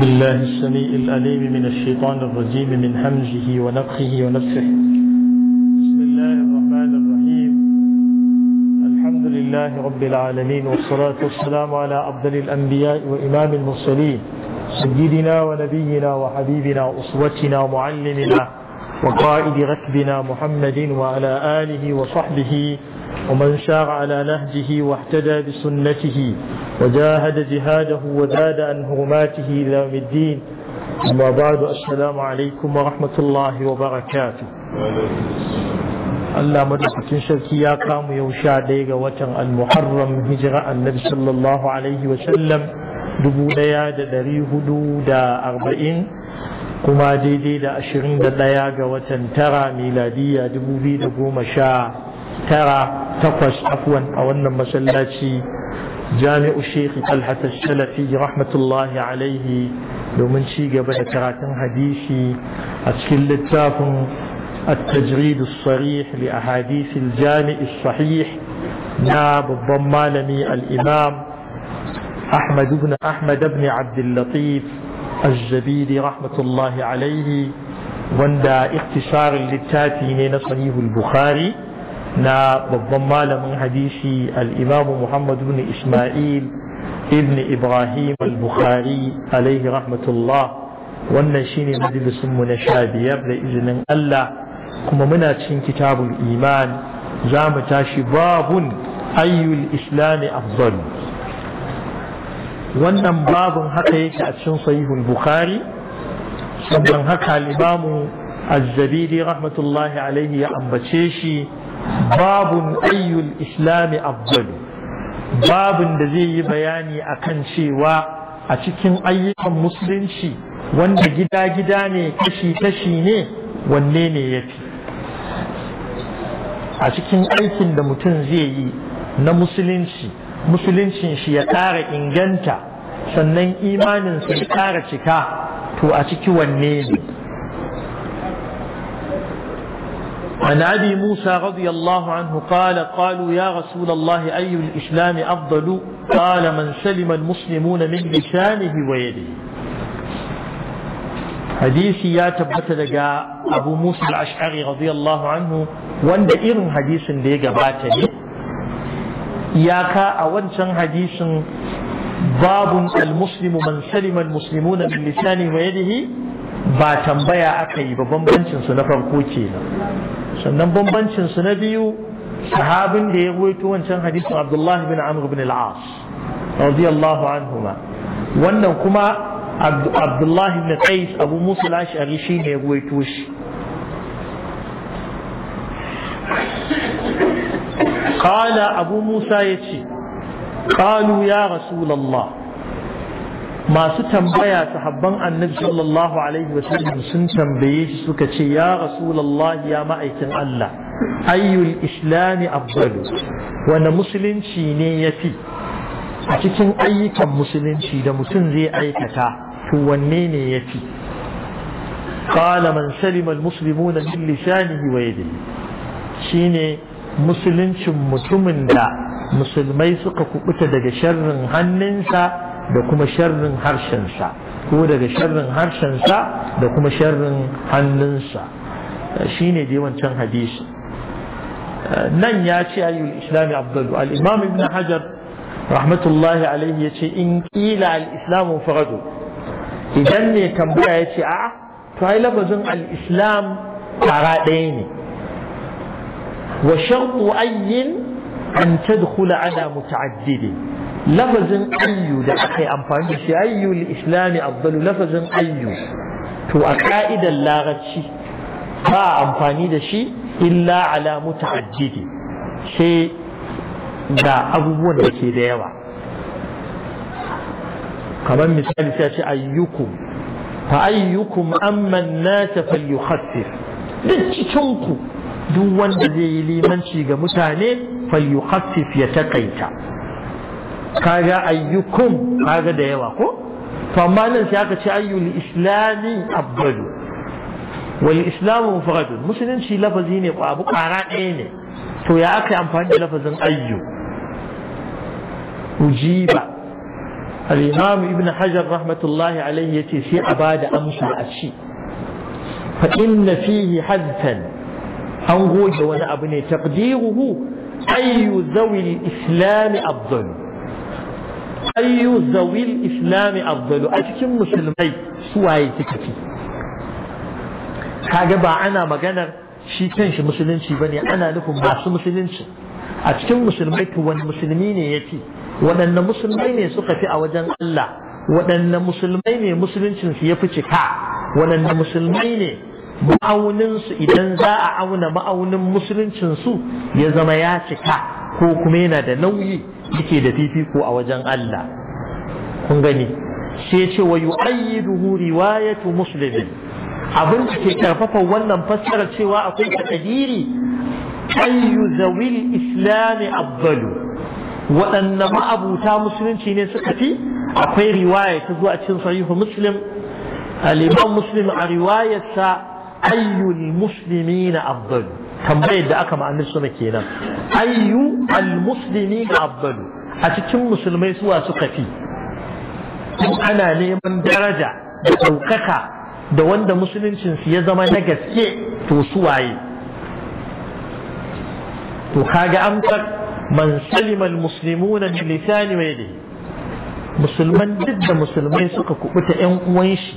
بالله السميع الأليم من الشيطان الرجيم من همزه ونفخه ونفخه بسم الله الرحمن الرحيم الحمد لله رب العالمين والصلاة والسلام على أفضل الأنبياء وإمام المرسلين سيدنا ونبينا وحبيبنا وأسوتنا ومعلمنا وقائد ركبنا محمد وعلى آله وصحبه ومن شار على نهجه واحتدى بسنته وجاهد جهاده وزاد عن هرماته إلى يوم الدين أما بعد السلام عليكم ورحمة الله وبركاته Allah madaukakin sarki ya kamu yau sha ɗaya ga watan al-muharram hijira annabi sallallahu alaihi wa sallam dubu ɗaya da ɗari hudu da arba'in kuma daidai da ashirin da ɗaya ga watan tara miladiya dubu biyu da goma sha tara takwas afwan a wannan masallaci jami'u sheikh talha salafi rahmatullahi alaihi domin ci gaba da karatun hadisi a cikin littafin التجريد الصريح لأحاديث الجامع الصحيح ناب الضمالمي الإمام أحمد بن أحمد بن عبد اللطيف الزبيدي رحمة الله عليه وندا اختصار للتاتي صنيه البخاري na babban malamin hadisi al'imamu Muhammad ibn Ismail ibn Ibrahim al-Bukhari alaihi rahmatullah wannan shine majalisunmu na sha biyar da izinin Allah kuma muna cikin kitabul iman za mu tashi babun ayyul islami afdal wannan babun haka yake a cikin sahihul bukhari sannan haka al-imamu az-zabidi rahmatullahi alaihi ya ambace shi babun ayyul islami afdalu babun da zai yi bayani akan cewa a cikin ayyukan musulunci wanda gida-gida ne kashi-kashi ne wanne ne ya fi a cikin aikin da mutum zai yi na musulunci musuluncin shi ya ƙara inganta sannan imaninsa ya ƙara cika to a ciki wanne ne عن أبي موسى رضي الله عنه قال قالوا يا رسول الله أي الإسلام أفضل قال من سلم المسلمون من لسانه ويده حديثي يا تبت لقى أبو موسى الأشعري رضي الله عنه وان إرم حديث لقى باتني ياك أوان سن حديث باب المسلم من سلم المسلمون من لسانه ويده ba tambaya aka yi ba bambancin su na farko kenan sannan bambancin su na biyu sahabin da ya ruwaito wancan hadisin Abdullah bin Amr bin al-As radiyallahu anhuma wannan kuma Abdullah bin Qais Abu Musa al-Ash'ari shine ya ruwaito shi قال أبو موسى يتي قالوا يا رسول الله masu tambaya sahabban annabi sallallahu alaihi wasallam sun tambaye shi suka ce ya rasulullah ya ma'aikin Allah ayyul islami afdalu wane musulunci ne yafi a cikin ayyukan musulunci da mutum zai aikata to wanne ne yafi qala man salima almuslimuna min lisanihi wa yadihi shine musuluncin mutumin da musulmai suka kubuta daga sharrin hannunsa da kuma sharrin harshensa ko daga sharrin harshensa da kuma sharrin hannunsa shine dai wancan hadisi nan ya ce ayyul islami abdullu al-imam ibn hajar rahmatullahi alaihi ya ce in kila al-islamu faradu idan ne tambaya ya ce a'a to ai lafazin al-islam tara ɗaya ne wa shartu ayyin an tadkhula ala muta'addidin lafazin ayyu da aka yi amfani da shi ayyu li islami abdalu lafazin ayyu to a ka'idar larabci ba amfani da shi illa ala muta'addidi sai da abubuwan da ke da yawa kamar misali sai ce ayyukum fa ayyukum amman nata falyukhaffif duk cikin ku duk wanda zai yi limanci ga mutane falyukhaffif ya takaita kaga ayyukum kaga da yawa ko to amma nan sai aka ce ayyul islami abdalu wal islamu mufradun musulunci lafazi ne ko abu ƙara ɗaya ne to ya aka amfani da lafazin ayyu ujiba al-imam ibn hajar rahmatullahi alayhi yace sai a bada amsa a ci fa inna fihi hadfan an goge wani abu ne taqdiruhu ayyu zawil islami afdalu ayyu zawil islami afdalu a cikin musulmai suwaye suka fi kaga ba ana maganar shi kan shi musulunci bane ana nufin masu musulunci a cikin musulmai to wani musulmi ne ya fi waɗanne musulmai ne suka fi a wajen Allah waɗanne musulmai ne musuluncinsu ya fi cika waɗanne musulmai ne ma'auninsu idan za a auna ma'aunin musuluncin su ya zama ya cika ko kuma yana da nauyi yake da fifiko a wajen Allah kun gani sai ce wa yu'ayyiduhu riwayatu muslimin abin da ke karfafa wannan fassara cewa akwai takadiri ayyu zawil islami afdalu waɗanne ma'abuta musulunci ne suka fi akwai riwaya ta zuwa cikin sahihu muslim al-imam muslim a riwayarsa ayyul muslimina afdalu tambayar da aka ma'anar suna kenan ayyu almuslimi Abdalu a cikin musulmai suwa suka fi ana neman daraja da ɗaukaka da wanda musuluncinsu ya zama na gaske to suwaye to kaga amsar man salima almuslimuna min lisani wa yadihi musulman duk da musulmai suka kubuta yan uwan shi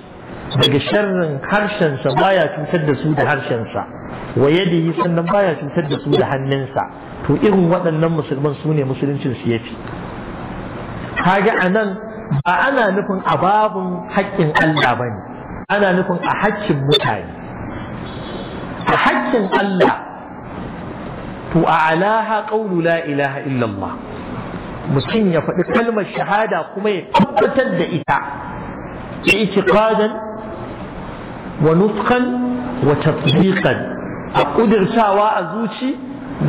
daga sharrin harshensa baya cutar da su da harshensa wa yadihi sannan baya cutar da su da hannunsa to irin waɗannan musulman su ne musuluncin su yafi kaga nan, ba ana nufin ababun haƙƙin Allah bane ana nufin a haƙƙin mutane a haƙƙin Allah to a alaha qawlu la ilaha illallah mutum ya faɗi kalmar shahada kuma ya tabbatar da ita ya itiqadan ونطقا وتطبيقا أقدر ساوى أزوشي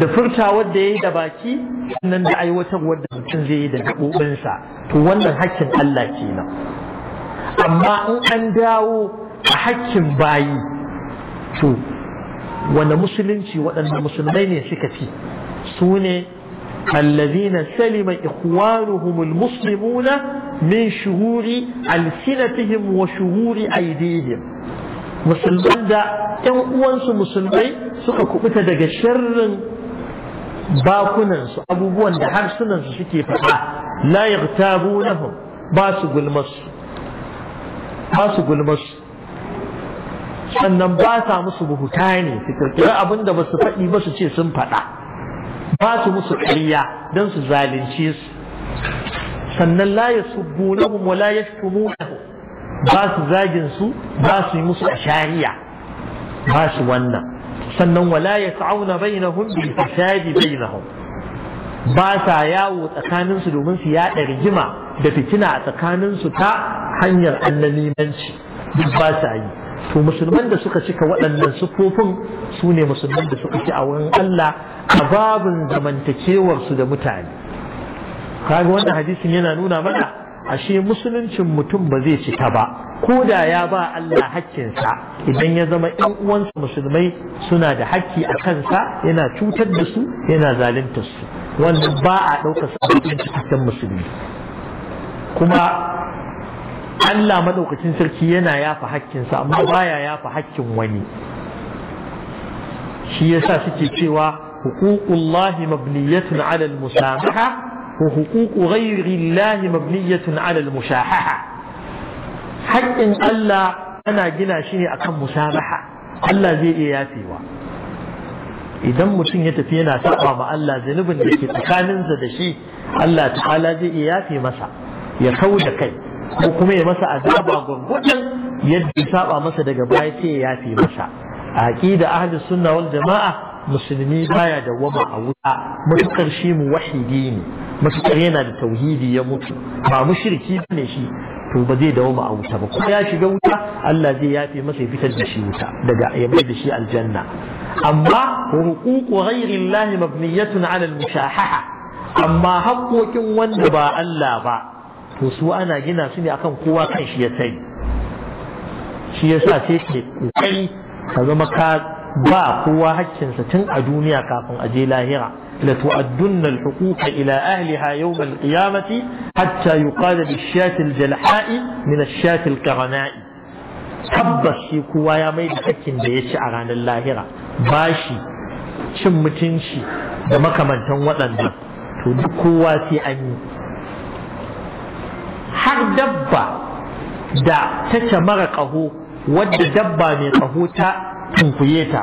da furtawar da ya yi da baki nan da aiwatarwar da mutum zai yi da gaɓoɓinsa to wannan hakkin Allah kenan amma in an dawo a hakkin bayi to wanda musulunci waɗanda musulmai ne suka fi su ne الذين سلم إخوانهم المسلمون من شهور ألسنتهم وشهور أيديهم musulman da ‘yan uwansu musulmai suka kubuta daga sharrin bakunansu abubuwan da harsunansu suke faɗa la yaghtabu lahum ba su gulmasu ba su gulmasu sannan ba sa musu buhuta ne su kirkiri abin da ba su faɗi ba su ce sun faɗa ba su musu ƙarya don su zalunce su sannan la yasubbunahum wa la yashtumunahum ba su zagin su ba su yi musu ashariya ba su wannan sannan wala ya sa'auna bainahum bil fasadi bainahum ba sa yawo tsakanin su domin su yaɗa rigima da fitina a tsakanin su ta hanyar annalimanci duk ba sa yi to musulman da suka cika waɗannan sufofin su ne musulman da suka ci a wurin Allah a babin zamantakewarsu da mutane kaga wannan hadisin yana nuna mana ashe musuluncin mutum ba zai cika ba ko da ya ba Allah hakkinsa idan ya zama ɗan uwansa musulmai suna da hakki a kansa yana cutar da su yana zalunta su wannan ba a ɗaukar sabbin cikakken musulmi kuma Allah maɗaukacin sarki yana yafa hakkinsa amma baya yafa hakkin wani shi yasa suke cewa huququllahi mabniyatun ala al-musamaha وحقوق غير الله مبنية على المشاححة حق إن ألا أنا جنا شيني أكم مسامحة ألا زي إياتيوا idan mutum ya tafi yana saba ma Allah zanubin da ke tsakaninsa da shi Allah ta'ala zai iya yafe masa ya kau da kai ko kuma ya masa azaba gwargwadon yadda saɓa masa daga baya sai ya yafe masa a aqida ahli sunna wal jama'a musulmi baya dawwama a wuta mutukar shi mu wahidi ne matuƙar yana da tauhidi ya mutu ba mushriki ne shi to ba zai dawo a wuta ba kuma ya shiga wuta Allah zai yafe masa ya fitar da shi wuta daga ya da shi aljanna amma huququ ghayri Allah mabniyatun ala al-mushahaha amma haƙoƙin wanda ba Allah ba to su ana gina su ne akan kowa kan shi ya sani shi yasa sai ke kokari ka zama ka ba kowa hakkinsa tun a duniya kafin a je lahira لتؤدن الحقوق إلى أهلها يوم القيامة حتى يقال بالشاة الجلحاء من الشاة الكرناء تبشي كوايا ميد حكين بيش أغان اللاهرة باشي شم تنشي دمك من تنوطن دي تدكواتي أني حق دبا دا تتمر قهو ود دبا من قهو تنقيتا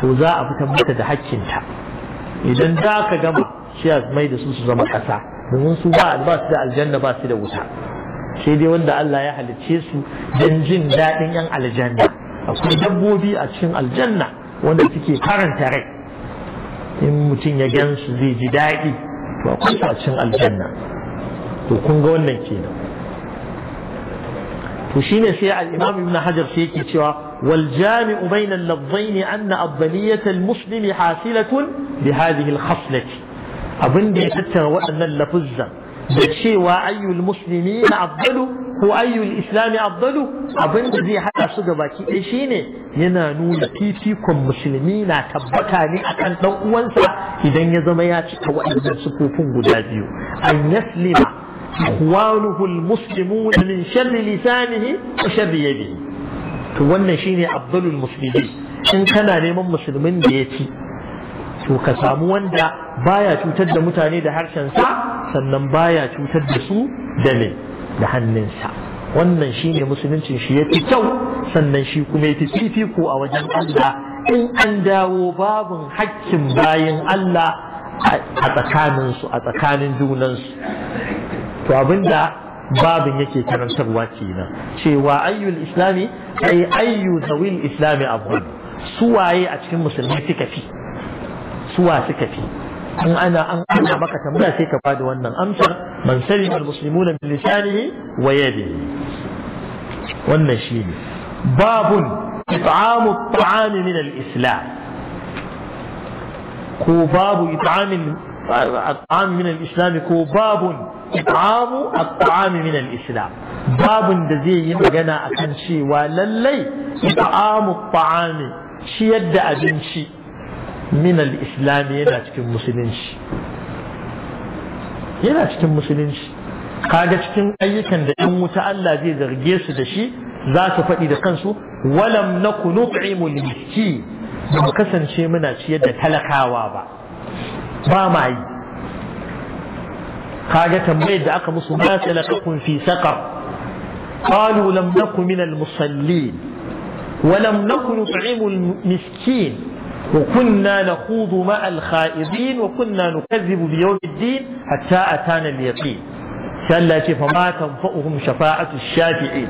توزاء بتمتد حكين idan za ka gama shi a mai da su su zama ƙasa domin su ba ba su da aljanna ba su da wuta sai dai wanda Allah ya halicce su don jin daɗin yan aljanna akwai dabbobi a cikin aljanna wanda suke karanta rai in mutum ya gan su zai ji daɗi to akwai su a cikin aljanna to kun ga wannan kenan to shine sai al-Imam Ibn Hajar sai yake cewa والجامع بين اللفظين أن أفضلية المسلم حاصلة بهذه الخصلة أظن بيتتر وأن اللفظة بشيء وأي المسلمين أفضل هو أي الإسلام أفضل أظن بي حتى صدبك إيشين ينا نول فيكم مسلمين تبكى لأكان تنقوانسا إذا يزميات كوائد سكوفون قدازي أن يسلم إخوانه المسلمون من شر لسانه وشر يده to wannan shine afdalul musulmi in kana neman musulmin da ya ci to ka samu wanda baya cutar da mutane da harshen sa sannan baya cutar da su da ne da hannunsa wannan shine musuluncin shi yafi kyau sannan shi kuma yafi fifiko a wajen Allah in an dawo babun hakkin bayin Allah a tsakaninsu a tsakanin junansu to abinda babin yake karantarwa kenan cewa ayyul islami ay ayyu zawil islami afdal suwaye a cikin musulmi suka fi suwa suka fi an ana an ana maka tambaya sai ka bada wannan amsar man salima almuslimuna min lisanihi wa yadihi wannan shine babun it'amu at'ami min alislam ko babu it'amin at'am min alislam ko babun istibabu at-ta'ami min islam babun da zai yi magana akan cewa lallai istibamu at-ta'ami shi yadda abinci min islam yana cikin musulunci yana cikin musulunci kaga cikin ayyukan da in wuta Allah zai zarge su da shi za su faɗi da kansu walam naku nut'imu al-miskin ba kasance muna ciyar da talakawa ba ba ma حاجة بيد da صلاة musu تكون في سقر قالوا لم نكن من المصلين ولم نكن نطعم المسكين وكنا نخوض مع الخائضين وكنا نكذب بيوم الدين حتى أتانا اليقين سأل فما تنفؤهم شفاعة الشافعين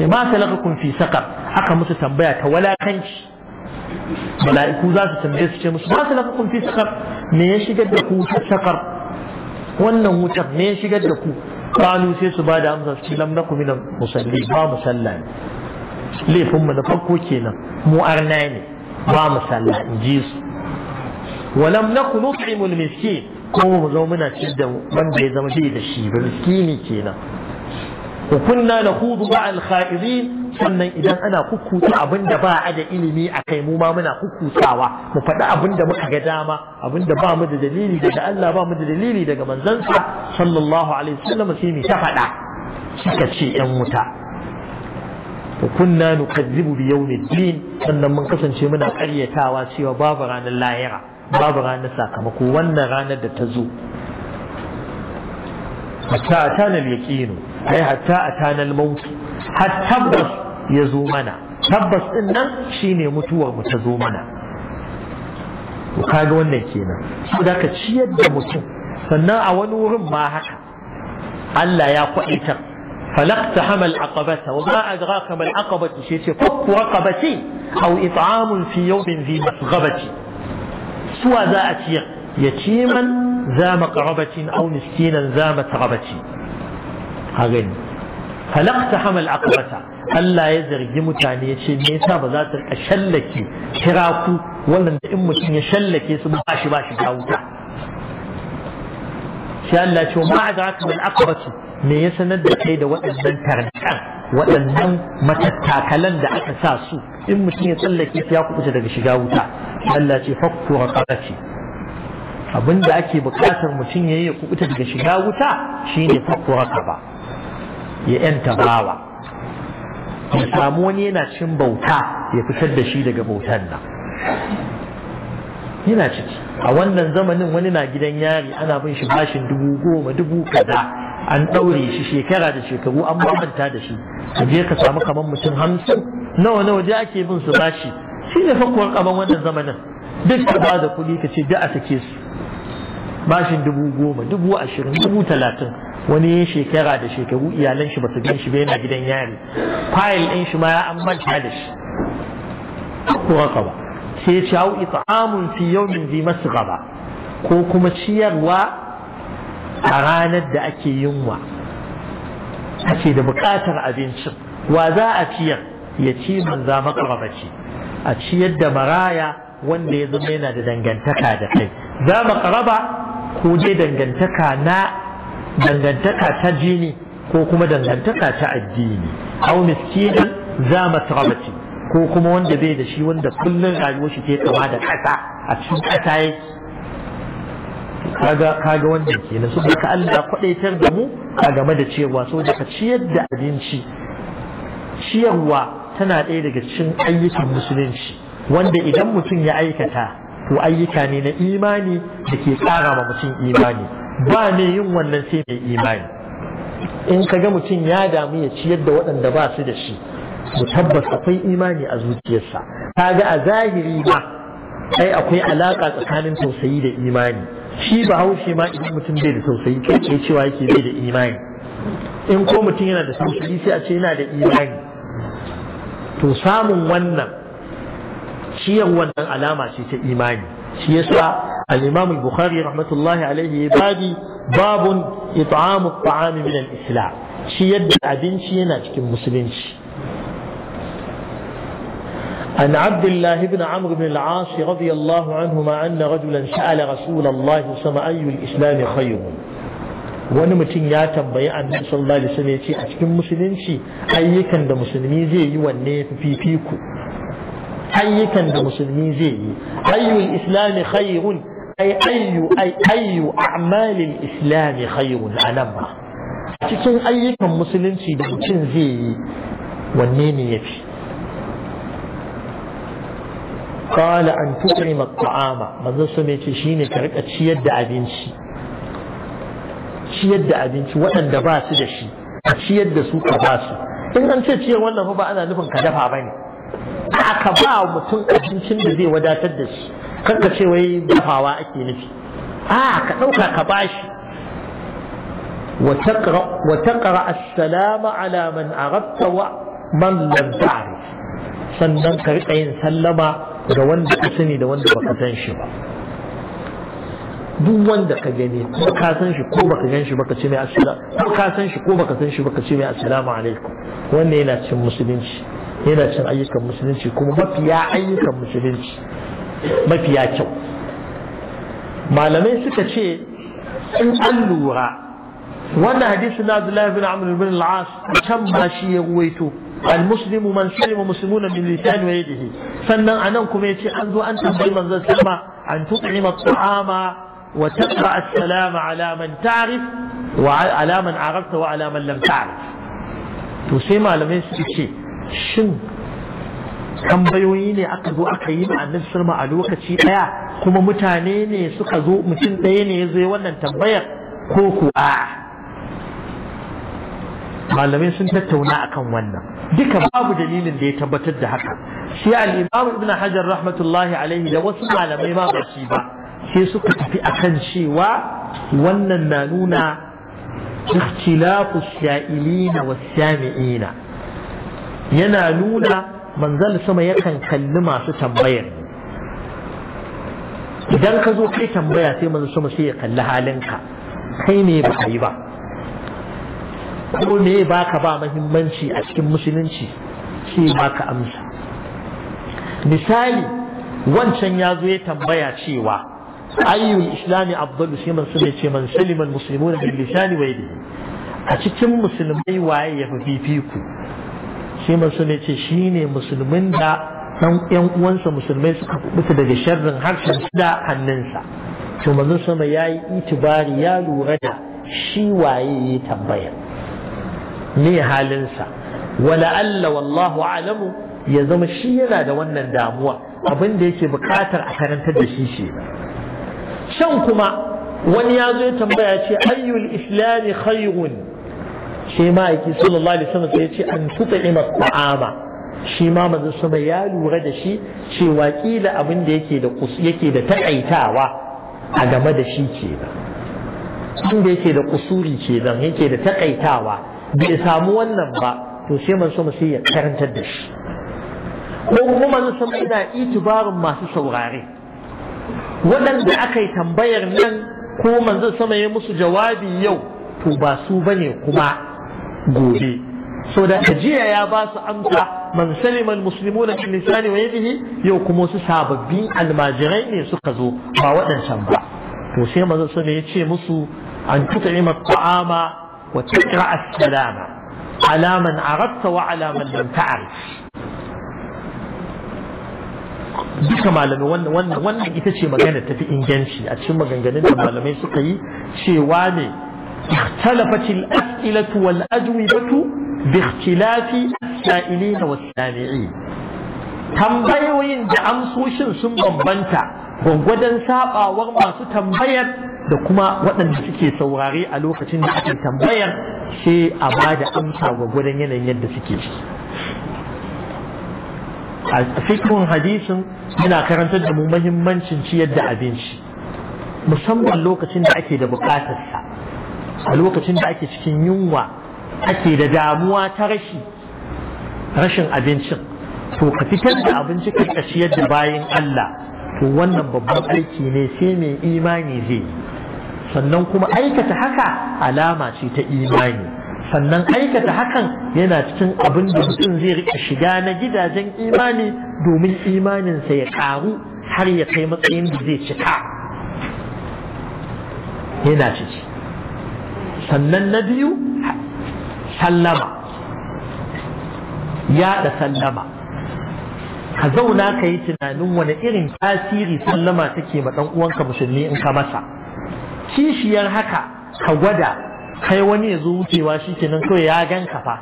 ما تلقكم في سقر حقا مسو تنبيك ولا كنش ملائكو ذات تنبيك ما تلقكم في سقر ليش قد سقر wannan wutar ne shigar da ku kanu sai su ba da amsa su lam nakum min musalli ba musalla ne laifin mu da farko kenan mu arna ne ba musalla in ji su walam nakum nut'imu miskin ko mu zo muna ci da wanda ya zama shi da shi ba miskini kenan wa kunna nakhudu ba al-kha'idin sannan idan ana kukkuta abin da ba a da ilimi a kai mu ma muna kukkutawa mu faɗi abin da muka ga dama abin da ba mu da dalili daga Allah ba mu da dalili daga manzansa sallallahu alaihi wasallam sai mu ta faɗa suka ce yan wuta to kunna nukazzibu bi yawmiddin sannan mun kasance muna ƙaryatawa cewa babu ranar lahira babu ranar sakamako wannan ranar da ta zo hatta atana al A ay hatta atana har tabbas ya zo mana tabbas din nan shine mutuwar mu ta zo mana to kaga wannan kenan saboda ka ciyar da mutum sannan a wani wurin ma haka Allah ya kwaita falaqta hamal aqabata wa ma adraka mal aqabatu shi ce fakku raqabati aw it'amun fi yawmin fi masghabati suwa za a ciyar yatiman za maqrabatin aw miskinan za matrabati ha gani falakta hamal aqbata Allah ya zargi mutane ya ce me yasa ba za ta rika shallake kiraku wannan in mutum ya shallake su ba shi ba shi ga sai Allah ya ce ma adraka me ya sanar da kai da waɗannan tarkan waɗannan matattakalan da aka sa su in mutum ya tsallake su ya kuɓuta daga shiga wuta Allah ya ce fakku raqabati abinda ake bukatar mutum yayi ya kubuta daga shiga wuta shine fakku raqaba ya yanta bawa ya samu wani yana cin bauta ya fitar da shi daga bautan nan yana ciki a wannan zamanin wani na gidan yari ana bin shi bashin dubu goma dubu kaza an ɗaure shi shekara da shekaru an bambanta da shi a je ka samu kamar mutum hamsin nawa nawa je ake bin su bashi shi ne fakuwar kaman wannan zamanin duk ka ba da kuɗi ka ce da a sake su bashin dubu goma dubu ashirin dubu talatin wani shekara da shekaru iyalan shi basu gan shi ba yana gidan yari fayil ɗin shi ma ya an manta da shi ko haka ba sai ya ce hau it'amun fi yawmin zi gaba. ko kuma ciyarwa a ranar da ake yunwa ake da buƙatar abincin wa za a ciyar ya ci manza makaramaci a ciyar da maraya wanda ya zama yana da dangantaka da kai za makaraba ko dai dangantaka na dangantaka ta jini ko kuma dangantaka ta addini aw miskinan za matrabati ko kuma wanda bai da shi wanda kullun rayuwar shi ke kama da kasa a cikin kasa yake kaga kaga wannan kenan su ka Allah kwadaitar da mu a game da cewa so da ka ciyar da abinci ciyarwa tana ɗaya daga cikin ayyukan musulunci wanda idan mutum ya aikata to ayyuka ne na imani da ke ƙara ma mutum imani ba ne yin wannan sai mai imani in ka ga mutum ya damu ya ciyar da waɗanda ba su da shi mu tabbas akwai imani a zuciyarsa ta ga a zahiri ba ai akwai alaƙa tsakanin tausayi da imani shi ba haushe ma idan mutum bai da tausayi kai cewa yake bai da imani in ko mutum yana da tausayi sai a ce yana da imani to samun wannan ciyar wannan alama ce ta imani shi yasa al-imam al-bukhari rahmatullahi alaihi babi babun it'amu at-ta'am shi yadda abinci yana cikin musulunci عن عبد الله بن عمرو بن العاص رضي الله عنهما أن رجلا سأل رسول الله صلى الله عليه أي الإسلام خير wani mutum ya tambayi annabi sallallahu alaihi wasallam yace a cikin musulunci ayyukan da musulmi zai yi wanne yafi fifiku ayyukan da musulmi zai yi ayyul islami khairun أي أي أي أي أعمال الإسلام خير ألم كيكون أي كم مسلم في دوتين زي والنين يفي قال أن تكرم الطعام ما ذا سمي تشين كرك أتشيد دعبين شي شيد دعبين شي وأن دباس دشي أتشيد دسوك دباس إن أنت تشير وأنه فبأنا نفن كدفع بني أكبر ومتن أتشين دزي ودا تدشي kanka ce wai dafawa ake nufi a ka ɗauka ka bashi wa assalamu ala man من wa man lam ta'rif sannan ka riƙa yin sallama ga wanda ka sani da wanda baka san shi ba duk wanda ka gani ko ka san shi ko baka gan shi baka ce mai assalamu ko ka san shi ko baka san shi baka ce mai assalamu alaikum wannan yana cin musulunci yana cin ayyukan musulunci kuma mafiya ayyukan musulunci mafiya kyau malamai suka ce in an lura wannan hadisi na Abdullahi bin Amr bin al-As can ba shi ya ruwaito al-muslimu man salima muslimuna min lisani wa yadihi sannan anan kuma yace an zo an tambayi manzon sallama an tu'ima at-ta'ama wa taqra as-salama ala man ta'rif wa ala man arafta wa ala man lam ta'rif to sai malamai suka ce shin tambayoyi ne aka zo aka yi ma annabi sirma a lokaci daya kuma mutane ne suka zo mutum ɗaya ne ya zo wannan tambayar ko ku a malamai sun tattauna akan wannan duka babu dalilin da ya tabbatar da haka shi al-imam ibn hajar rahmatullahi alaihi da wasu malamai ma ba shi ba sai suka tafi akan cewa wannan na nuna ikhtilafu sha'ilina sami'ina. yana nuna manzal sama yakan kalli masu tambayar idan ka zo kai tambaya sai manzal sama sai ya kalli halinka kai ne ba yi ba ko ne ba ka ba mahimmanci a cikin musulunci sai ba ka amsa misali wancan ya zo ya tambaya cewa ayyul islami Abdul sai man sun ce man saliman muslimuna bil lisani wa yadihi a cikin musulmai waye ya fi fifiku shi masu ne ce shi ne musulmin da ɗan ƴan uwansa musulmai suka kubuta daga sharrin harshen da hannunsa to manzon sama ya yi itibari ya lura da shi waye ya tambaya me halinsa wala alla wallahu alamu ya zama shi yana da wannan damuwa abin da yake bukatar a karantar da shi shi shan kuma wani ya zo ya tambaya ce ayyul islami khayrun Sai ma'aiki sallallahu alaihi wasallam sai ya ce an tut'ima ta'ama shi ma manzo sama ya lura da shi cewa kila abin da yake da yake da takaitawa a game da shi kenan inda yake da kusuri kenan yake da takaitawa bai samu wannan ba to sai manzo sama sai ya karantar da shi ko kuma manzo sama yana itibarin masu saurare waɗanda aka yi tambayar nan ko manzo sama ya musu jawabi yau to ba su bane kuma gobe so da ajiya ya ba su amsa man salima almuslimuna min lisani wa yadihi yau kuma su sababbin almajirai ne suka zo ba waɗancan ba to sai manzo sun ya ce musu an tut'ima ta'ama wa taqra as-salama ala man arafta wa ala man lam ta'rif duka malamai wannan wannan wannan ita ce magana tafi inganci a cikin maganganun da malamai suka yi cewa ne اختلفت الأسئلة والأجوبة باختلاف السائلين والسامعين tambayoyin da amsoshin sun bambanta gwangwadon saɓawar masu tambayar da kuma waɗanda suke saurare a lokacin da ake tambayar sai a ba da amsa gwangwadon yanayin yadda suke ciki a fikin hadisin yana karantar da mu mahimmancin ciyar da abinci musamman lokacin da ake da bukatarsa a lokacin da ake cikin yunwa ake da damuwa ta rashi rashin abincin to ka fitar da abinci ka kashi da bayan Allah to wannan babban aiki ne sai mai imani zai sannan kuma aikata haka alama ce ta imani sannan aikata hakan yana cikin abin da mutum zai rika shiga na gidajen imani domin imaninsa ya karu har ya kai matsayin da zai cika yana ciki sannan na biyu sallama yaɗa sallama ka zauna ka yi tunanin wani irin tasiri sallama take ma ɗan uwanka musulmi in ka masa kishiyar haka ka gwada kai wani ya zo wucewa shi kenan kawai ya gan ka fa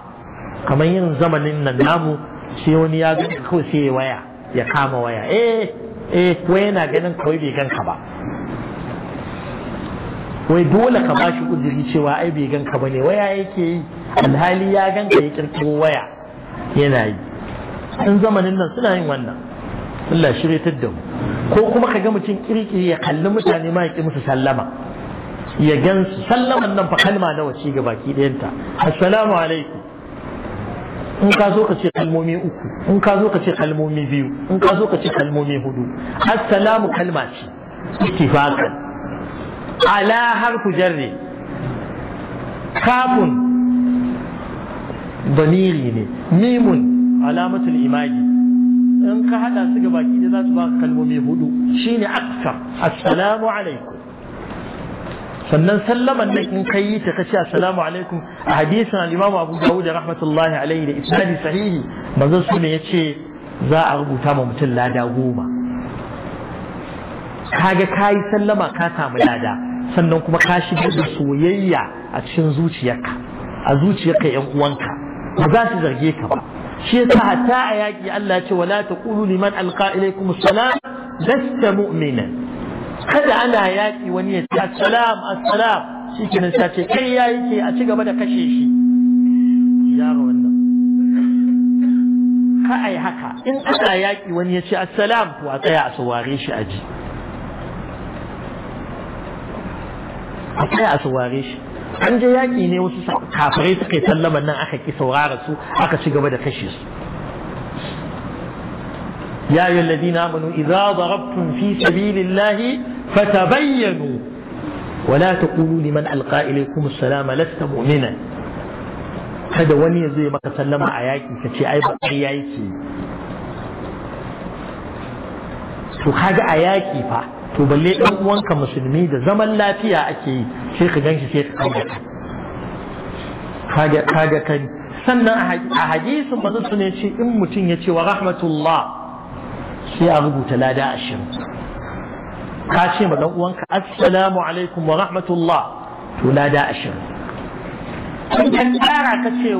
kamar yin zamanin nan namu sai wani ya gan ka kawai sai ya waya ya kama waya eh eh wai yana ganin kawai bai gan ka ba wai dole ka bashi uzuri cewa ai bai ganka bane waya yake yi alhali ya ganka ya kirkiro waya yana yi in zamanin nan suna yin wannan Allah shiryatar da mu ko kuma ka ga mutum kirkiri ya kalli mutane ma ya ki musu sallama ya gan sallaman nan fa kalma nawa ci ga baki ɗayanta assalamu alaikum in ka zo ka ce kalmomi uku in ka zo ka ce kalmomi biyu in ka zo ka ce kalmomi hudu assalamu kalma ce ittifaqan ala har jarri kafun damiri ne mimun alamatul imani in ka hada su ga baki da za su baka kalmomi hudu shine aksar assalamu alaikum sannan sallaman nan in kai ta kace assalamu alaikum a hadisin al imamu Abu Dawud rahmatullahi alaihi da isnadi sahihi manzo su ne yace za a rubuta ma mutum lada goma kaga kai sallama ka samu lada sannan kuma ka shigar da soyayya a cikin zuciyarka a zuciyarka yan uwanka ba za su zarge ka ba shi yasa hatta a yaƙi Allah ce wala taqulu liman alqa ilaykum assalam lasta mu'mina kada ana yaƙi wani ya ce assalam assalam shi sai ce kai yayi ke a ci gaba da kashe shi ya ga wannan ka ai haka in ana yaƙi wani ya ce assalam to a tsaya a saware shi aji a tsaya a saurare shi an je yaƙi ne wasu kafirai suka yi sallaman nan aka ki saurara su aka ci gaba da kashe su ya yi ladina amanu idza darabtum fi sabilillahi fatabayyanu wala taqulu liman alqa ilaykum assalama lasta mu'mina kada wani ya zo maka sallama a yaƙi ka ce ai ba ai yaƙi to kaga a yaƙi fa to balle dan uwanka musulmi da zaman lafiya ake yi sai ka ganshi sai ka kaga kaga kai sannan a hadisin manzo sune ce in mutum ya ce wa rahmatullah sai a rubuta lada ashirin ka ce ma dan uwanka assalamu alaikum wa rahmatullah to lada ashirin in kan tsara ka ce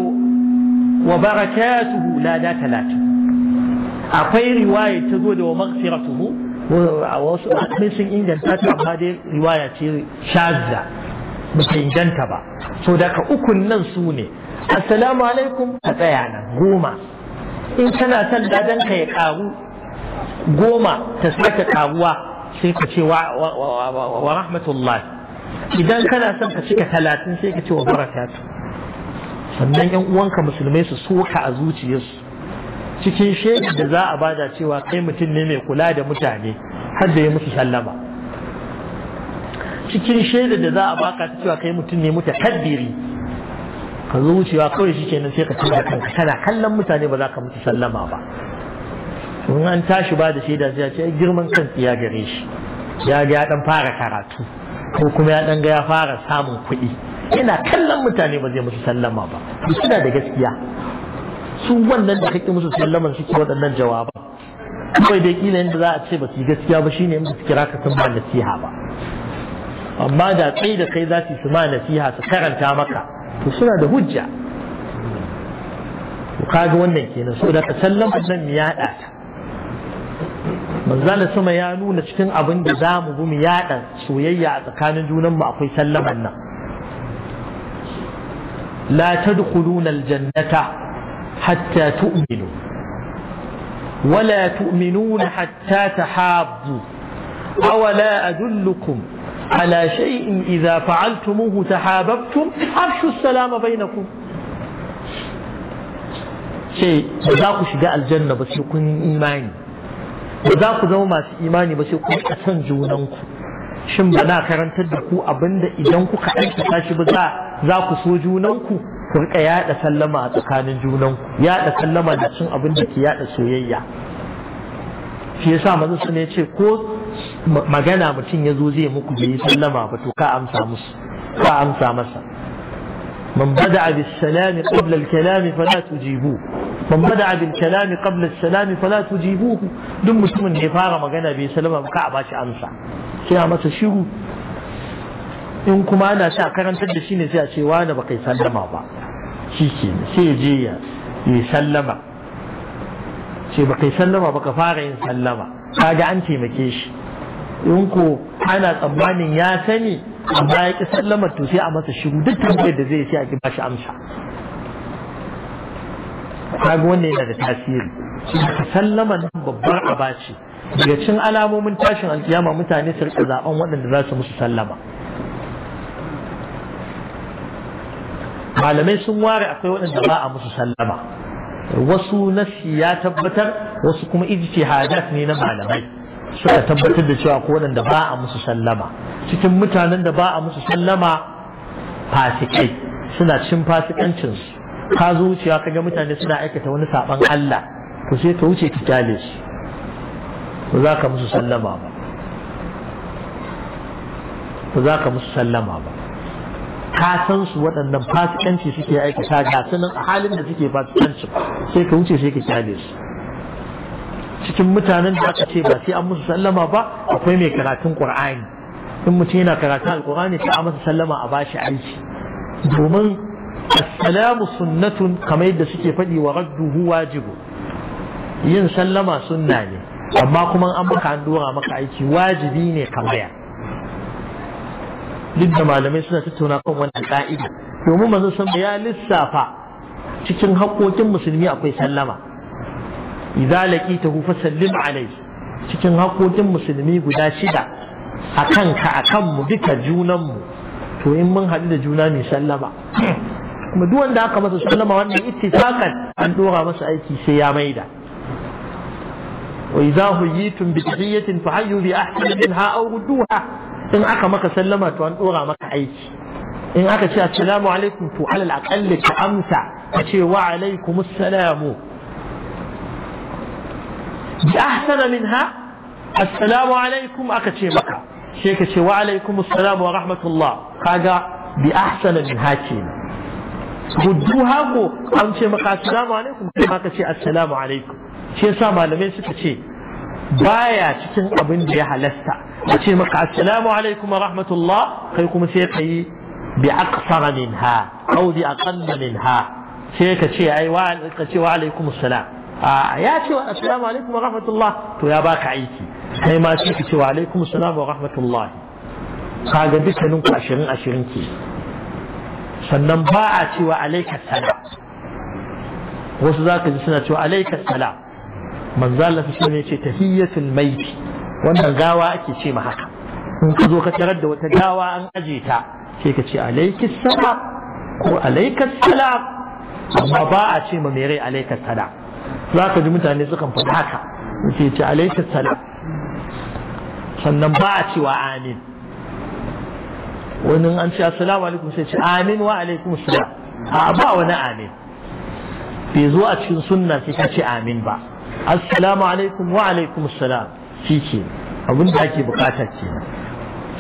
wa barakatuhu lada talatin akwai riwaya ta zo da wa maghfiratuhu a wasu malamai sun inganta ta amma dai riwaya ce shazza ba ta inganta ba so daga ukun nan su ne assalamu alaikum ka tsaya nan goma in kana son dadan ka ya karu goma ta sake karuwa sai ka ce wa rahmatullahi idan kana son ka cika talatin sai ka ce wa barakatu sannan yan uwanka musulmai su soka a zuciyarsu cikin shaidar da za a bada cewa kai mutum ne mai kula da mutane har da ya musu sallama cikin shaidar da za a baka ta cewa kai mutum ne kaddiri ka zo wucewa kawai shi kenan sai ka tura kanka kana kallon mutane ba za ka musu sallama ba in an tashi ba da shaida sai ce girman kan ya gare shi ya ga ya dan fara karatu ko kuma ya dan ga ya fara samun kuɗi yana kallon mutane ba zai musu sallama ba suna da gaskiya su wannan da kake musu sallaman suke waɗannan jawaba kawai dai kila yadda za a ce ba su gaskiya ba shine in su kira ka san ba nasiha ba amma da tsaye da kai za su su ma nasiha su karanta maka to suna da hujja kaga wannan kenan so da ka sallama nan ya yaɗa ta manzala sama ya nuna cikin abin da za mu gumi yaɗa soyayya a tsakanin junan mu akwai sallaman nan la tadkhuluna aljannata حتى تؤمنوا ولا تؤمنون حتى تحابوا أولا أدلكم على شيء إذا فعلتموه تحاببتم أفشوا السلام بينكم شيء بذاك شجاء الجنة بس يكون إيماني بذاك زوما في إيماني بس يكون أسن جونانكم shin ba na karantar da ku abinda idan kuka aikata kurka ya da sallama a tsakanin junan ku ya da sallama da cin abin da ke ya da soyayya shi yasa manzo sun ya ce ko magana mutum ya zo zai muku bai sallama ba to ka amsa musu ka amsa masa man bada'a bis salami qabla al kalami fala tujibu man bada'a bil kalami qabla al salami fala tujibuhu duk mutumin da ya fara magana bai sallama ba ka a bashi amsa sai a masa shiru in kuma ana sa karantar da shi ne sai a ce wani ba kai sallama ba shi ke sai ya je ya yi sallama ce ba kai sallama ba ka fara yin sallama kaga an taimake shi in ko ana tsammanin ya sani amma ya ki sallama to sai a masa shiru duk tambayar da zai sai a ki ba shi amsa kaga wannan yana da tasiri ka sallama nan babbar aba ce daga cin alamomin tashin alkiyama mutane su riƙa zaben waɗanda za su musu sallama malamai sun ware akwai waɗanda ba a musu sallama wasu nasi ya tabbatar wasu kuma ijtihadat ne na malamai suka tabbatar da cewa ko waɗanda ba a musu sallama cikin mutanen da ba a musu sallama fasikai suna cin fasikancin ka zo wucewa kaga mutane suna aikata wani saban Allah ku sai ka wuce ki kyale su ba za ka musu sallama ba ba za ka musu sallama ba ka san su waɗannan fasikanci suke aikata ga a halin da suke fasikanci sai ka wuce sai ka kyale su cikin mutanen da aka ce ba sai an musu sallama ba akwai mai karatun qur'ani in mutum yana karatun alqur'ani sai a masa sallama a bashi aiki domin assalamu sunnatun kamar yadda suke faɗi wa radduhu wajibu yin sallama sunna ne amma kuma an maka an dora maka aiki wajibi ne kamar duk da malamai suna tattauna kan wannan ka'ida domin manzo sun ya lissafa cikin haƙoƙin musulmi akwai sallama idza laqitahu fa sallim alayhi cikin haƙoƙin musulmi guda shida a kanka a kanmu duka junanmu to in mun haɗu da juna mai sallama kuma duk wanda aka masa sallama wannan ittifaqan an dora masa aiki sai ya maida wa idza huyitum bi tahiyyatin fa hayyu bi ahsani minha aw rudduha in aka maka sallama to an dora maka aiki in aka ce assalamu alaikum to alal aqalli ka amsa ka ce wa alaikumus salamu bi ahsana minha assalamu alaikum aka ce maka sai ka ce wa alaikumus salamu wa rahmatullah kaga bi ahsana minha kenan rudduha hako an ce maka assalamu alaikum kai ma ka ce assalamu alaikum shi yasa malamai suka ce baya cikin abin da ya halasta أتي مقع السلام عليكم ورحمة الله خيكم سيقي بأقصر منها أو بأقل منها سيك شيء أي وعليكم السلام آه يا شو السلام عليكم ورحمة الله تو يا باك عيكي هي ما سيك وعليكم السلام ورحمة الله هذا بك ننقع عشرين عشرين كي sannan باع a cewa alaika salam wasu za ka ji suna cewa alaika salam manzo wannan gawa ake ce ma haka in ka zo ka tarar da wata gawa an aje ta sai ka ce alaikis salam ko alaikas salam amma ba a ce ma mai rai alaikas salam za ka ji mutane sukan faɗi haka sai ce alaikas salam sannan ba a cewa amin wani an ce assalamu alaikum sai ce amin wa alaikum salam a ba wani amin bai zo a cikin sunna sai ka ce amin ba assalamu alaikum wa alaikum salam shi ke abin da ake bukata ke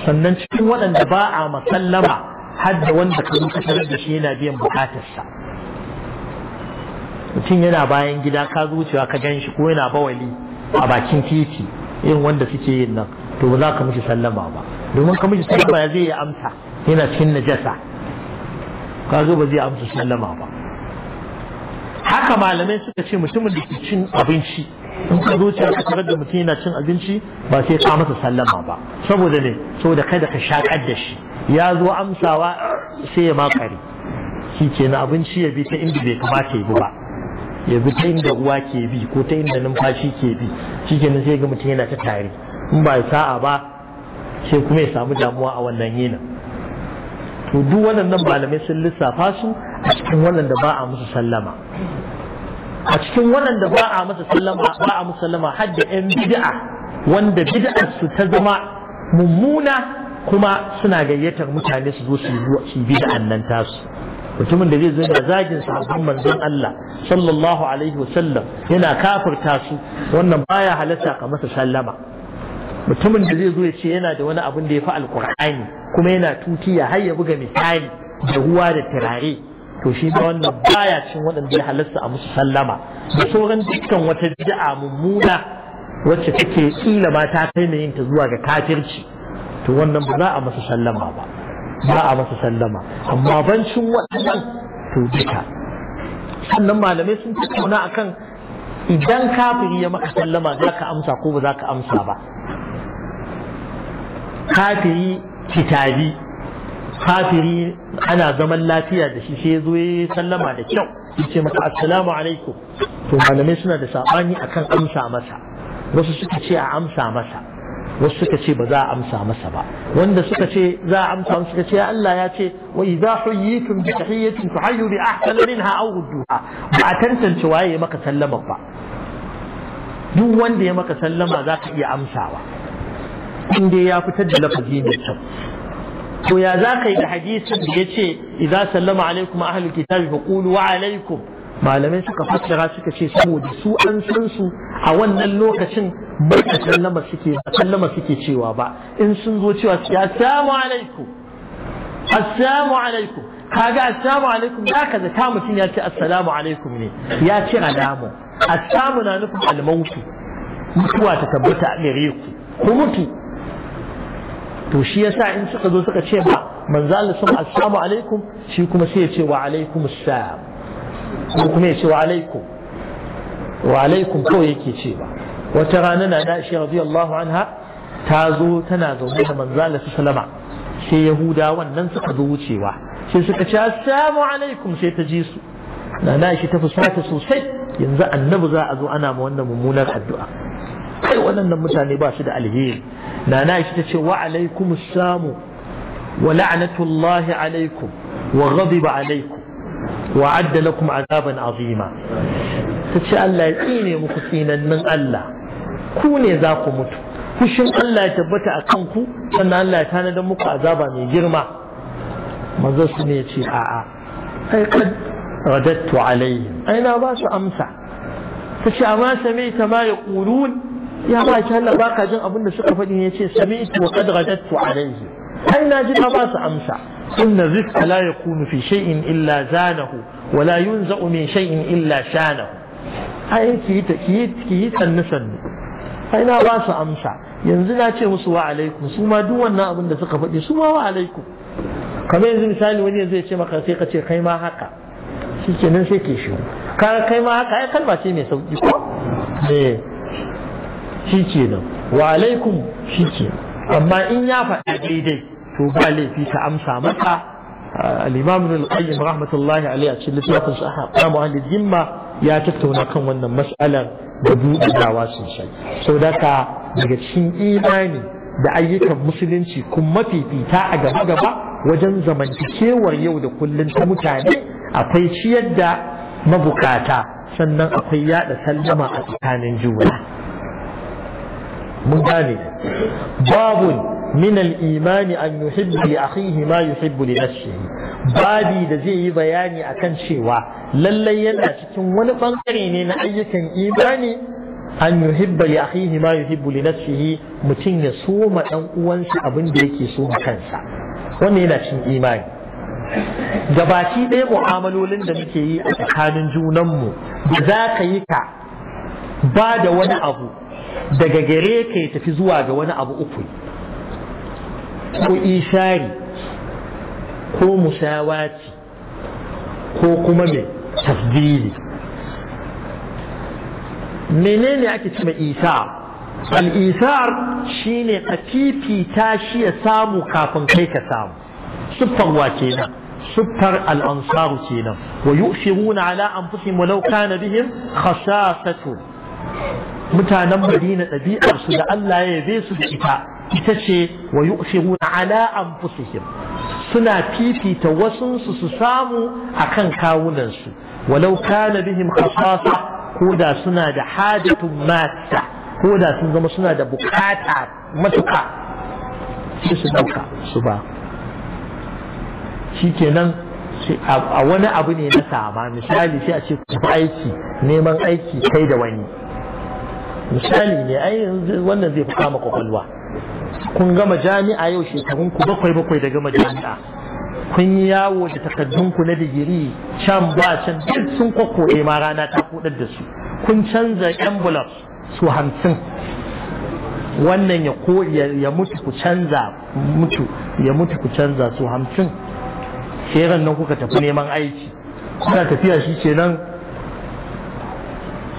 sannan cikin waɗanda ba a masallama har da wanda ka ka tarar da shi yana biyan bukatarsa mutum yana bayan gida ka zuciya ka gan shi ko yana bawali a bakin titi irin wanda suke yin nan to ba za ka mishi sallama ba domin ka mishi sallama zai yi amsa yana cikin najasa ka zo ba zai amsa sallama ba haka malamai suka ce mutumin da ke cin abinci in ka zuciya ka tarar da mutum yana cin abinci ba sai ka masa sallama ba saboda ne saboda kai da ka shaƙar da shi ya zo amsawa sai ya makare shi ke na abinci ya bi ta inda bai kamata ya bi ba ya bi ta inda uwa ke bi ko ta inda numfashi ke bi shi ke sai ga mutum yana ta tare in ba ya sa'a ba sai kuma ya samu damuwa a wannan yinin to duk waɗannan malamai sun lissafa su a cikin waɗanda ba a musu sallama a cikin waɗanda ba a masa sallama ba a musallama har da yan bid'a wanda bid'ar su ta zama mummuna kuma suna gayyatar mutane su zo su yi bid'an nan tasu mutumin da zai zo yana zagin sahabban manzon Allah sallallahu alaihi wasallam yana kafirta su wannan baya halatta ka masa sallama mutumin da zai zo ya ce yana da wani abin da ya fi alkur'ani kuma yana tutiya har ya buga misali da ruwa da turare to shi da wannan baya cin waɗanda ya halasta a musu sallama da sauran dukkan wata ji'a mummuna wacce take kila ma ta kai yin ta zuwa ga kafirci to wannan ba za a masa sallama ba ba a masa sallama amma bancin waɗannan to duka sannan malamai sun tattauna akan idan kafiri ya maka sallama za ka amsa ko ba za ka amsa ba kafiri kitabi kafiri ana zaman lafiya da shi sai zo ya sallama da kyau ya ce maka, assalamu alaikum to malamai suna da sabani akan amsa masa wasu suka ce a amsa masa wasu suka ce ba za a amsa masa ba wanda suka ce za a amsa masa suka ce Allah ya ce wa idza huyitum bi tahiyyatin tuhayyu bi ahsani minha aw rudduha ba a tantance waye maka sallama ba duk wanda ya maka sallama za ka iya amsawa in dai ya fitar da lafazi mai kyau to ya za ka yi da hadisin da ya ce idza sallama alaikum ahlul kitabi fa qulu wa alaikum malamai suka fassara suka ce saboda su an san su a wannan lokacin ba sallama suke sallama suke cewa ba in sun zo cewa assalamu alaikum assalamu alaikum kaga assalamu alaikum da ka zata mutum ya ce assalamu alaikum ne ya ce alamu assalamu na nufin almautu mutuwa ta tabbata a gare ku ku mutu to shi yasa in suka zo suka ce ba manzo Allah sun assalamu alaikum shi kuma sai ya ce wa alaikum assalam ko kuma ya ce wa alaikum wa alaikum ko yake ce ba wata rana na da shi radiyallahu anha ta zo tana zaune da manzo Allah sallama sai yahuda wannan suka zo wucewa sai suka ce assalamu alaikum sai ta ji su na shi ta fusata sosai yanzu annabi za a zo ana ma wannan mummunar addu'a kai waɗannan mutane ba su da alheri nana shi ta ce wa alaikum samu wa la'anatullahi alaikum wa ghadiba alaikum wa adda kuma azaban azima ta ce Allah ya tsine muku tsinannin Allah ku ne za ku mutu fushin Allah ya tabbata a kanku sannan Allah ya tanadar muku azaba mai girma manzo su ne ce a'a ai kad radattu alaihim ai na ba su amsa ta ce amma sami ta ma ya ya ba shi Allah ba ka jin abin da suka faɗi ya ce sami'tu wa qad ghadattu alayhi ai na ji na ba su amsa inna rizqa la yakunu fi shay'in illa zanahu wa la yunza'u min shay'in illa shanahu ai ki ta ki ki sanni ne. ai na ba su amsa yanzu na ce musu wa alaikum su ma duk wannan abin da suka faɗi su ma wa alaikum kamar yanzu misali wani zai ce maka sai ka ce kai ma haka shi kenan sai ke shi ka kai ma haka ai kalma ce mai sauki ko eh shi ke nan wa alaikum shi ke amma in ya faɗi daidai to ba laifi ta amsa mata al-imam ibn rahmatullahi alayhi a cikin littafin sa ahkamu ahlil jimma ya tattauna kan wannan matsalar da buɗawa sosai saboda daga cikin imani da ayyukan musulunci kun mafifita a gaba gaba wajen zamantakewar yau da kullum ta mutane akwai ciyar da mabukata sannan akwai yada sallama a tsakanin juna mun gane babun من الإيمان أن يحب لأخيه ما يحب لنفسه babi da zai yi bayani a kan cewa lallai yana cikin wani bangare ne na ayyukan imani an yuhibba li akhihi ma yuhibbu li nafsihi mutum ya so ma dan uwansa abin da yake so ma kansa wannan yana cikin imani baki ɗaya mu'amalolin da muke yi a tsakanin junanmu da za ka yi ka ba da wani abu daga gare ka ya tafi zuwa ga wani abu uku ko ishari ko musawaci ko kuma mai tafdili menene ake cima isa al-isar shine a fifita shi ya samu kafin kai ka samu siffar wa kenan siffar al'ansaru kenan wa yu'siruna ala anfusihim walau kana bihim khasasatun mutanen madina ɗabi'ar su da Allah ya yabe su da ita ita ce wa yu'thiruna ala anfusihim suna fifita wasunsu su samu akan kawunan su walau kana bihim khasasa ko da suna da hajatun mata ko da sun zama suna da bukata matuka sai su dauka su ba shikenan a wani abu ne na sama misali sai a ce ku aiki neman aiki kai da wani misali ne ai wannan zai fi kama kwakwalwa kun gama jami'a yau shekarun ku bakwai bakwai da gama jami'a kun yi yawo da takardun ku na digiri can ba can duk sun kwakwaɗe ma rana ta kudar da su kun canza envelope su hamsin wannan ya mutu ku canza mutu ya mutu ku canza su hamsin sai nan kuka tafi neman aiki kuna tafiya shi ce nan.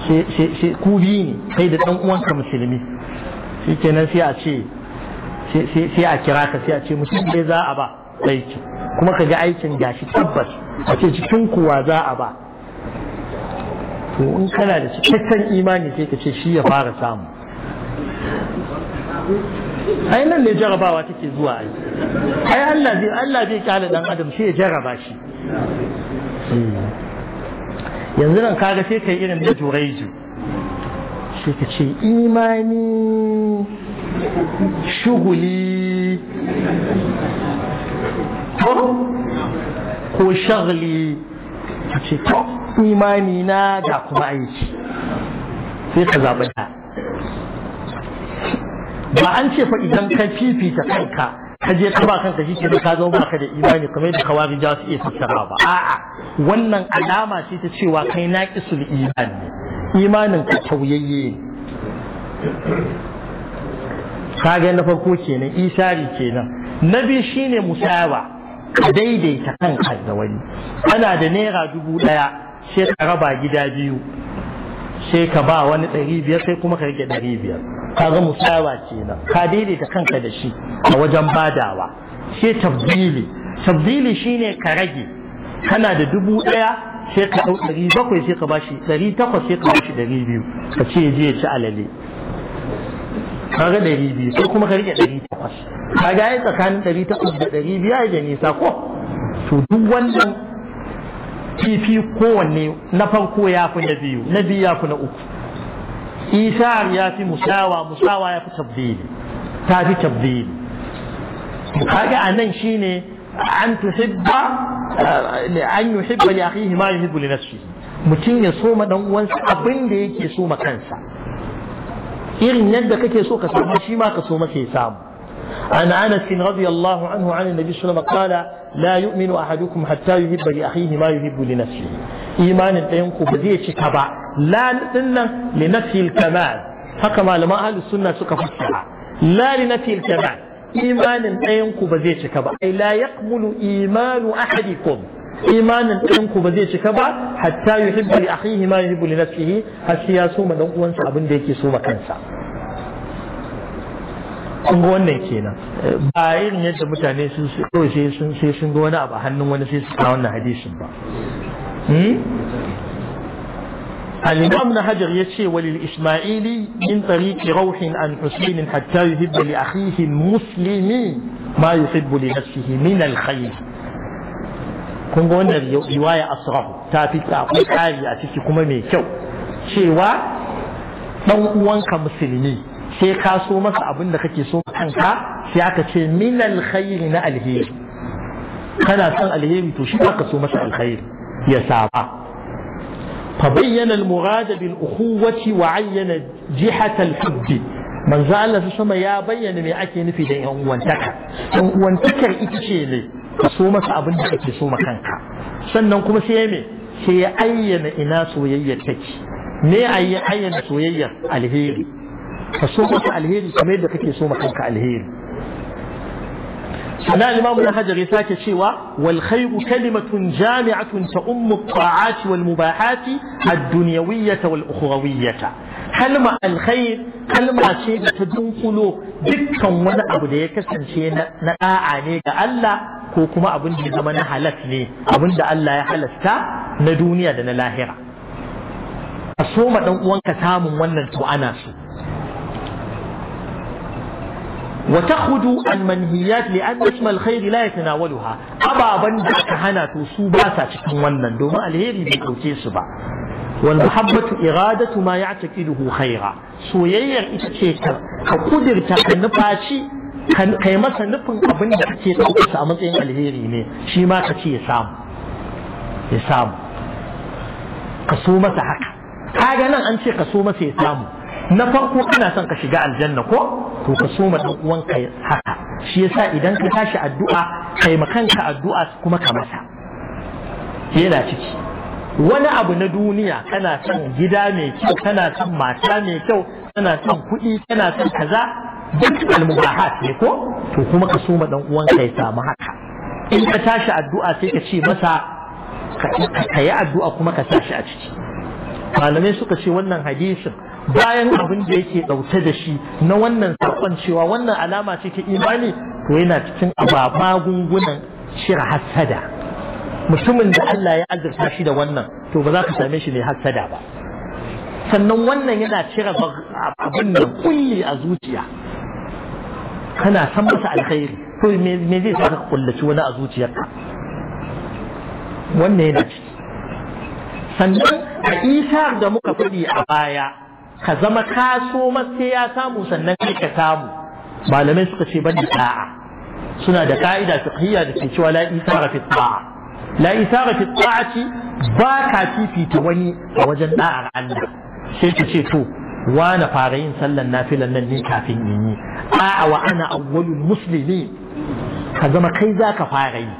sai ku biyu ne kai da ɗan uwanka musulmi shi kenan sai a ce sai a kira ka sai a ce musulmi bai za a ba aiki kuma ka ga aikin gashi tabbas a ce cikin kuwa za a ba to in kana da cikakken imani sai ka ce shi ya fara samu ai nan ne jarabawa take zuwa ai ai Allah bai Allah bai kyale dan adam sai ya jaraba shi hmm. yanzu nan kaga sai kai irin da juraiju sai ka ce imani shuguli ko shagali ka ce to imani na da kuma aiki sai ka zaɓi ta ba an ce fa idan ka fifita kanka ka je ka ba kanka shi ke ka ba ka da imani kamar yadda kawari za su iya fassara ba a'a wannan alama ce ta cewa kai naqisul imani imanin ka tauyayye kaga na farko kenan isari kenan na biyu shine musawa ka daidaita kanka da wani ana da naira dubu daya sai ka raba gida biyu sai ka ba wani ɗari biyar sai kuma ka rage ɗari biyar Ka ga musawa kenan ka daidaita kanka da shi a wajen badawa sai tabdili tabdili shine ka rage kana da dubu ɗaya sai ka dau dari bakwai sai ka bashi dari takwas sai ka bashi dari biyu ka ce je ya ci alale Ka ga dari biyu ko kuma ka rike dari takwas ga ya tsakanin dari takwas da dari biyu ya da nisa ko to duk wannan kifi kowanne na farko ya fi na biyu na biyu ya fi na uku isar ya fi musawa musawa ya fi tabbili ta fi tabbili kaga a nan shine an tuhibba eh, an yuhibba mutum ya so ma dan uwansa abin da yake so ma kansa irin yadda kake so ka samu shi ma ka so samu عن انس رضي الله عنه عن النبي صلى الله عليه وسلم قال لا يؤمن احدكم حتى يحب لاخيه ما يحب لنفسه ايمان ɗayan ku ba zai cika ba la dinnan li nafsil kamal haka malaman ahlus sunna suka fassara la na nafsil kamal imanin ɗayan ku cika ba ai la yaqbulu imanu ahadikum imanin ɗayan Bazai cika ba hatta yuhibbu li akhihi ma yuhibbu li nafsihi har dan uwansa abin da yake so ma kansa kun ga kenan ba irin yadda mutane sun sai sun ga wani abu hannun wani sai su kawo wannan hadisin ba hmm? الإمام نهجر يتشي وللإسماعيلي من طريق روح عن حسين حتى يحب لأخيه المسلم ما يحب لنفسه من الخير kun ga wannan riwaya asrahu ta fi akwai kari a ciki kuma mai kyau cewa dan uwanka musulmi sai ka so masa abin da kake so kanka sai aka ce min alkhairi na alheri kana son alheri to shi aka so masa alkhairi ya saba فبين المراد بالأخوة وعين جهة الحب من زال الله سوما يا بين من أكين في ذي هو انتكى هو انتكى إتشيلي سوما سأبن جاكي سوما كانكا سنن كما سيامي سي أين إنا سويية تكي ني أين سويية الهيري فسوما سأل هيري سميد كتي سوما كانكا الهيري لا الإمام ابن حجر يساك شيوا والخير كلمة جامعة تأم الطاعات والمباحات الدنيوية والأخروية هل ما الخير هل ما شيء تدخل دكا ولا أبو ديك سنشي ألا كوكما أبو ندي زمن حلتني أبو ألا يحلستا ندوني أدن الاهرة أصوم أدن وانك تامم وانك تعناسو Wata وتخذ المنهيات لان اسم الخير لا Ababan da aka hana to su basa cikin wannan domin alheri bai dauke su ba wal mahabbatu iradatu ma ya ya'taqiduhu khaira soyayyar ita ce ka kudirta ka ci, ka yi masa nufin abin da kake dauka a matsayin alheri ne shi ma ka ce ya samu ka so masa haka kaga nan an ce ka so masa ya samu na farko kana son ka shiga aljanna ko to ka so ma dan uwanka haka shi yasa idan ka tashi addu'a kai kanka addu'a kuma ka masa yana ciki wani abu na duniya kana son gida mai kyau kana son mata mai kyau kana son kuɗi kana son kaza duk almubahat ne ko to kuma ka so ma dan uwanka ya samu haka in ka tashi addu'a sai ka ce masa ka yi addu'a kuma ka tashi a ciki malamai suka ce wannan hadisin bayan abin da yake ɗauke da shi na wannan saƙon cewa wannan alama ce ta imani to yana cikin magungunan shira hassada mutumin da Allah ya azurta shi da wannan to ba za ka same shi mai hassada ba sannan wannan yana cire abin da kulli a zuciya kana san masa alkhairi ko me zai sa ka kullaci wani a zuciyarka wannan yana ciki sannan a isar da muka faɗi a baya ka zama ka so sai ya samu sannan kai ka samu malamai suka ce ban da'a suna da ka'ida fiqhiyya da ke cewa la isara fi ta'a la isara fi ba ka fifita wani a wajen ɗa'ar Allah sai ta ce to wa na fara yin sallan nafilan nan ne kafin in yi a'a wa ana awwalul muslimin ka zama kai ka fara yi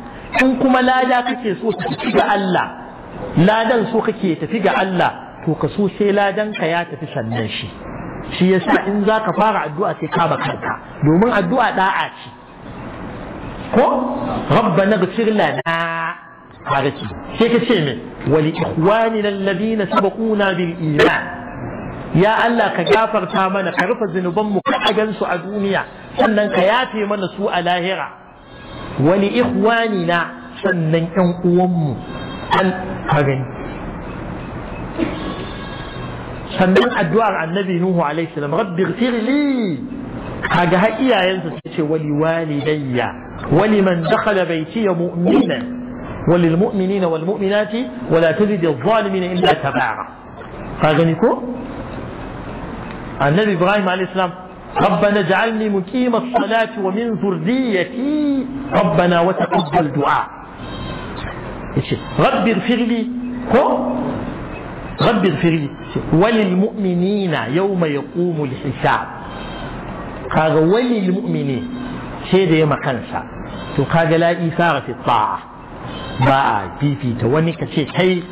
in kuma lada kake so ka tafi ga Allah ladan so kake tafi ga Allah to ka so sai ladan ka ya tafi sannan shi shi sa in za ka fara addu'a sai ka ba kanka domin addu'a da'a ce ko na ghfir lana haraki sai ka ce na wali na saba kuna bil iman ya Allah ka gafarta mana ka rufe zunubanmu ka gansu a duniya sannan ka yafe mana su a lahira Wani ikwani na sannan 'yan uwanmu an ka sannan addu'ar annabi nuhu alaihi salam rabbi ghfirli kaga har iyayensa su ce wali walidayya wali man dakhala baytiya mu'mina وللمؤمنين والمؤمنات ولا تزد الظالمين الا تبارا فاغنيكو النبي ابراهيم عليه السلام ربنا اجعلني مقيم الصلاة ومن ذريتي ربنا وتقبل دعاء رب اغفر لي rabbi firli walil mu'minina yawma yaqumul hisab kaga wani mu'mini sai da ya makansa to kaga la isara fi ba a fifita wani ka ce kai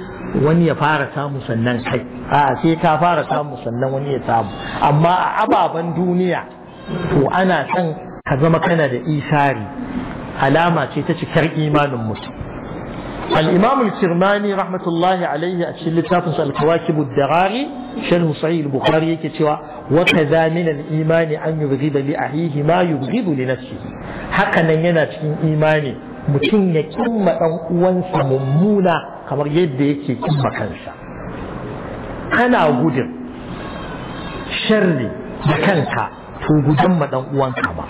wani ya fara samu sannan kai a sai ka fara samu sannan wani ya samu amma a ababen duniya to ana son ka zama kana da isari alama ce ta cikar imanin mutum الإمام الكرماني رحمة الله عليه أشيل لتافنس الكواكب الدراري شنه صحيح البخاري كتوى وكذا من الإيمان أن يبغض لأهيه ما يبغض لنفسه حقا ينا cikin imani mutum ya kimma dan uwansa mummuna kamar yadda yake kimma kansa kana gudun sharri da kanka to gudan ma dan uwanka ba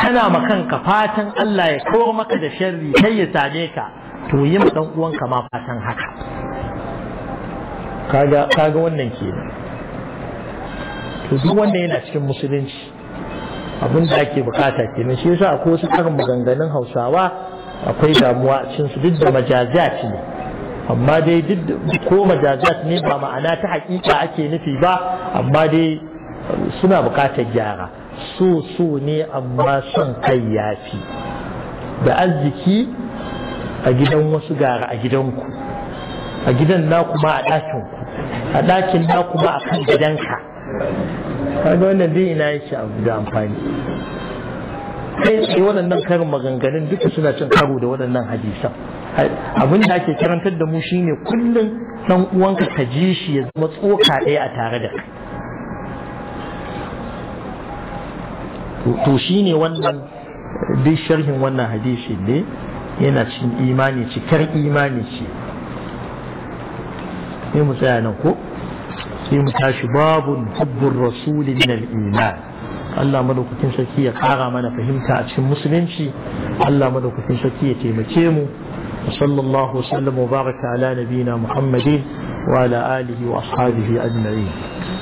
kana ma kanka fatan Allah ya kawar maka da sharri ya same ka to yi ma dan uwan ma fatan haka kaga kaga wannan kenan to duk wanda yana cikin musulunci abin da ake bukata kenan shi yasa akwai wasu karin maganganun Hausawa akwai damuwa a su duk da majajat ne amma dai duk ko majajat ne ba ma'ana ta hakika ake nufi ba amma dai suna bukatar gyara so so ne amma son kai yafi da arziki a gidan wasu gara a gidanku a gidan na kuma a ɗakin a ɗakin na kuma a kan gidanka kaga wannan dai ina yake abu da amfani sai sai waɗannan karin maganganun duka suna cin karo da waɗannan hadisan abin da ake karantar da mu shine kullum dan uwanka ka ji shi ya zama tsoka ɗaya a tare da to shine wannan duk sharhin wannan hadisi ne yana cikin imani cikar imani ce sai mu tsaya nan ko sai mu tashi babun rasul min al iman Allah madaukakin sarki ya kara mana fahimta a cikin musulunci Allah madaukakin sarki ya taimake mu وصلى الله وسلم وبارك على نبينا محمد وعلى آله وأصحابه أجمعين